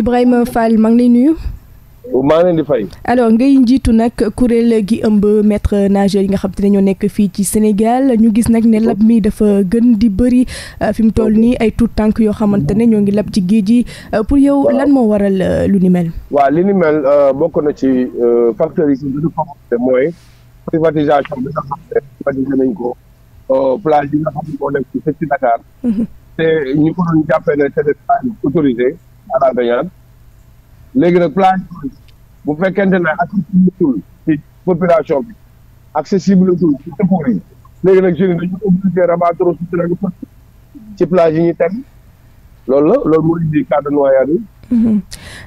Ibrahima Fall maa ngi lay nuyu. maa ngi ngay njiitu nag kuréel gi ëmb metre nageur yi nga xam te ne ñoo nekk fii ci Sénégal ñu gis nag ne lab mi dafa gën di bëri euh, fi mu toll nii ay tout tànk yoo xamante ne ñoo ngi lab ci géej gi euh, pour yow lan moo waral euh, lu ni waa waaw li bokk na ci facteurs yi gën a mooy privatisation bi nga xam ne privatisé nañ ko plage yi nga xam ne moo nekk mm-hmm. autorisé. aaraga yaram léegi nag plan bu fekkente ne accessible ci population bi accessible tul ci secours yi léegi ci plage yi ñu la loolu moo indi cas de noyade mhm.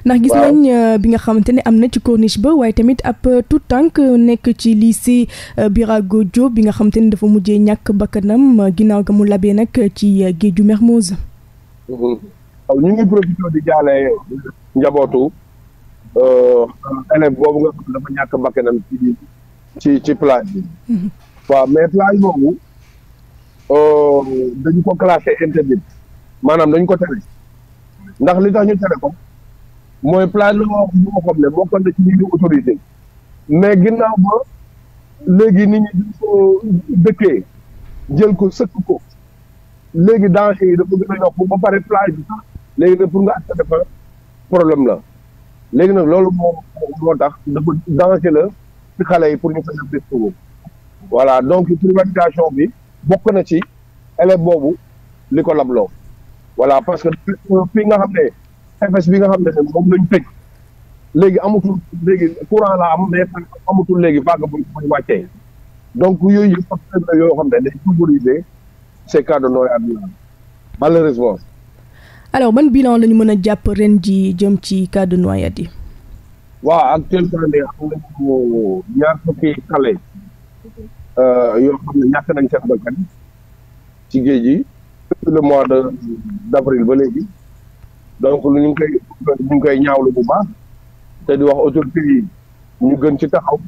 ndax gis nañ euh, bi nga xamante ne am na ci corniche ba waaye tamit ab euh, tout tànk euh, nekk ci lycée Birago Diop bi nga xamante ne dafa mujje ñàkk bakkanam ginnaaw ga mu labee nag ci géeju Mermoz mhm. ñu ngi profité di jaale njabootu euh, élève boobu nga xam dafa ñàkk bakkanam ci ci ci plage bi mhm. waaw mais plage boobu euh, dañu ko classé interdit maanaam dañu ko tere ndax li tax ñu tere ko mooy plage la wax boo xam ne bokkoon na ci ñi di autorité mais ginnaaw ba léegi nit ñi duñ ko dëkkee jël ko sëkk ko léegi danger yi dafa gën a yokk ba pare plage bi sax léegi nag pour nga accéder fa problème la léegi nag loolu moo moo tax dafa danger la ci xale yi pour ñu fexe bés boobu voilà donc privatisation bi bokk na ci élève boobu li ko labloo voilà parce que fii nga xam ne FS bi nga xam ne moom lañ tëj léegi amatul léegi courant la am mais amatul léegi vague wàccee donc yooyu yëpp yoo xam ne day favoriser ces cas de noyade là alors ban bilan lañu mën a jàpp ren ji jëm ci cas de noyade yi. waaw actuellement nii am nañu ñaar fukki xale euh, yoo xam ne ñàkk nañ seen bakkan ci géej gi le mois de d' avril ba léegi donc lu ñu ngi koy ñu ngi koy ñaawlu bu baax te di wax autorité yi ñu gën ci taxaw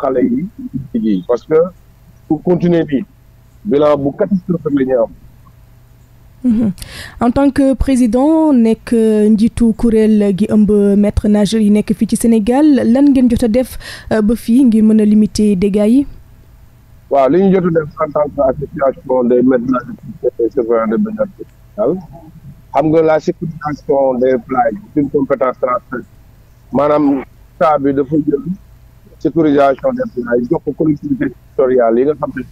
xale yi parce que pour continuer bi bilan bu catastrophe la ñu am. Mhm. en tant que président nekk euh, njiitu kuréel gi ëmb maître nageur yi nekk fii ci Sénégal lan ngeen jot a def euh, ba fii ngir mën a limiter dégâts yi. waaw li ñu jot a def en tant que de baignade du Sénégal xam nga la sécurisation des plages c'est une compétence transférée maanaam état bi ko collectivités territoriales yi nga xam ne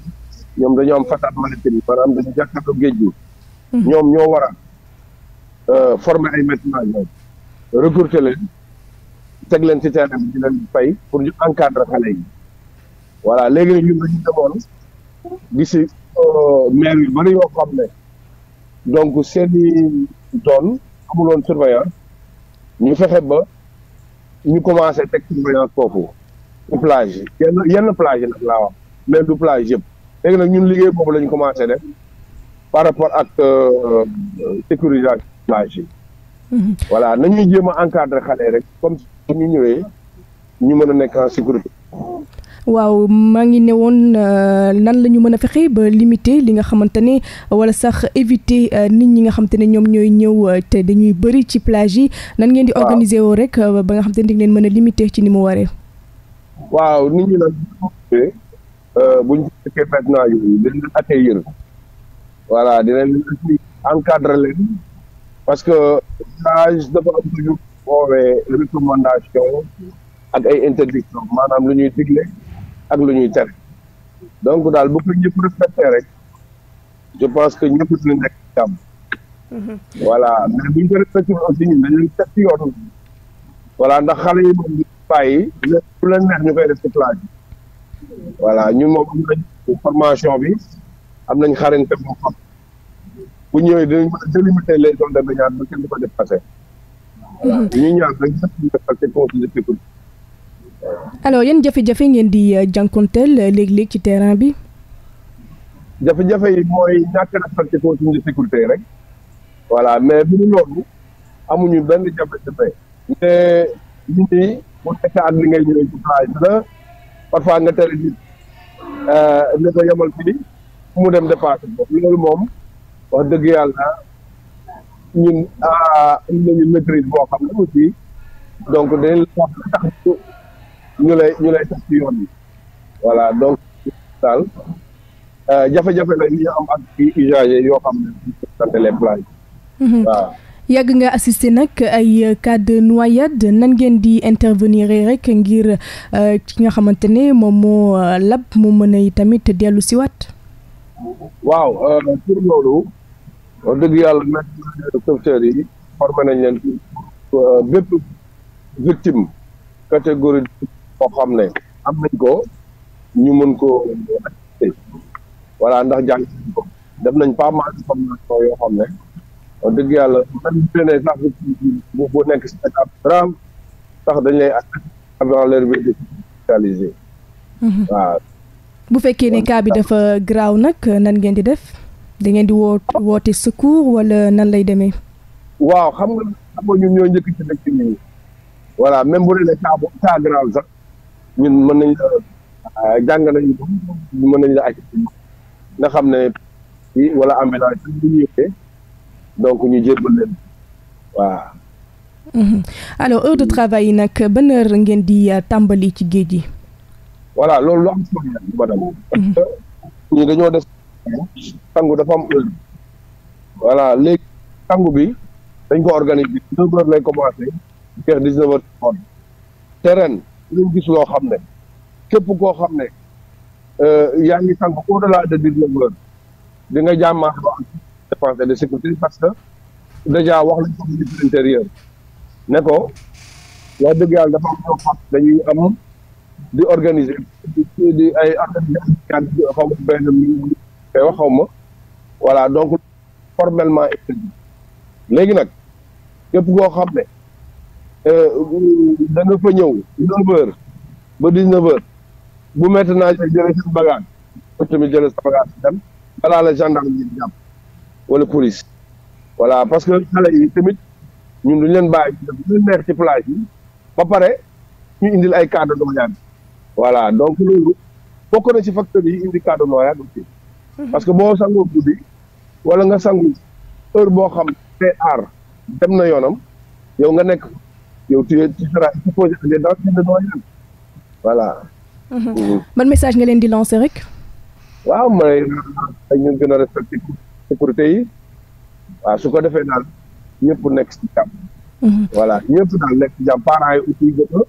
ñoom dañoo am façade maritime maanaam dañu jàkkaarloo géej gi. Mm-hmm. ñoom ñoo war a euh, former ay médecins ñoom recruter leen teg leen ci terrain bi di leen fay pour ñu encadrer xale yi voilà léegi nag ñun dañu demoon gisi euh, maire yu bari yoo xam ne donc seeni doon amuloon surveillance ñu fexe ba ñu commencé teg surveillance foofu ci plage yi yenn yenn plage yi nag laa wax mais du plage yëpp léegi nag ñun liggéey boobu la ñu commencé def par rapport ak euh, euh, sécurisation plage mhm. nañuy jéem a encadrer xale rek comme ñu ñëwee ñu mën a nekk en sécurité waaw maa ngi ne woon euh, nan la ñu mën a fexe ba limiter li nga xamante ne wala sax éviter nit ñi nga xam te ne ñoom ñooy ñëw te dañuy bëri ci plage yi nan ngeen di organiser woo rek ba nga xamante ne di leen mën a limiter ci ni mu waree waaw nit ñi nag buñ fekkee voilà dina leen encadrer leen parce que âge dafa am toujours woowee recommandation ak ay interdiction maanaam lu ñuy digle ak lu ñuy tere donc daal bu ko ñëpp respecté rek je pense que ñëpp dina nekk jàmm mm-hmm. voilà mais bu ñu ko respecté aussi ñun dañu leen teg ci yoon voilà ndax xale yi moom bàyyi lu leen neex ñu koy def ci plage voilà ñu moom am nañ formation bi am nañ xarañte boo xam bu ñëwee dinañ mën a délimiter les zones de baignade ba kenn du ko dépassé. voilà mhm. ñu ñaan rek ñu alors yan jafe-jafe ngeen di euh, jànkonteel euh, léeg-léeg ci terrain bi. jafe-jafe yi mooy ñàkk respecté consigne de sécurité rek voilà mais bi ñu loolu amuñu benn jafe-jafe mais nit ñi bu nekk at li ngay ñëwee ci parfois nga tere nit euh, ne ko fii mu dem dépassé boobu loolu moom wax dëgg yàlla ñun ah, am nañu maîtrise boo xam ne aussi donc dañ lay tax ci yoon bi voilà donc daal euh, jafe-jafe la ñu am ak ci usager yoo xam ne mhm. yàgg nga assisté nag ay cas noyade nan ngeen di intervenir rek ngir euh, ki nga xamante ne moom moo euh, lab mu mën a tamit dellu si wat waaw euh, pour loolu wax dëgg yàlla nag sauveteurs yi formé nañ leen euh, bépp victime catégorie boo xam ne am nañ ko ñu mën ko activité ndax jàng def nañ pas mal formation yoo xam ne wax dëgg yàlla même bu nekk si étape grave sax dañ lay avant waaw bu fekkee ne kaa bi dafa graaw nag nan ngeen di def da ngeen di woo woote secours wala nan lay demee. waaw xam nga xam nga ñun ci dëkk bi voilà même bu dee ne cas boobu mën nañ la ah, jàngal nañu ko mën nañ la aj nga xam ne wala ambulance bi ñu yëgee donc ñu jébbal leen waaw. Mhm. alors heure de travail yi nag ban heure ngeen di ah, tàmbali ci géej gi. voilà loolu loo xam si madame parce dafa am heure léegi sangu bi dañ ko organiser neuf heures lay commencé jeex dix neuf heures te ren dañ gis loo xam ne képp koo xam ne euh, yaa ngi sangu au delà de dix neuf di nga jàmmaa défense et de sécurité parce que déjà wax lañ ko intérieur ne ko wax dëgg yàlla dafa am ñoo xam dañuy am di organiser di ay affaires yi xaw ma benn koy voilà donc formellement léegi nag képp koo xam ne euh, da nga fa ñëw neuf heures ba dix neuf heures bu métti naa jëlee seen bagage ba sa bagage balaa la gendarme yi jàpp wala police voilà parce que xale yi tamit ñun duñ leen bàyyi ñu neex ci plage yi ba pare ñu indil ay cadre doyaan voilà donc loolu bokk na ci facteur yi indi cas mhm. parce que boo sangoo guddi wala nga sangu heure boo xam te aar dem na yoonam yow nga nekk yow tu tu seras supposé que dans de noyade voilà. Mhm. Mhm. ban message nga leen di lancer rek. waaw may ñu gën a respecté sécurité yi waaw su ko defee daal ñëpp nekk ci jàmm. voilà ñëpp daal nekk jàpp jàmm parents yi aussi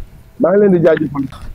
maa ngi leen di jaaji jaajëfal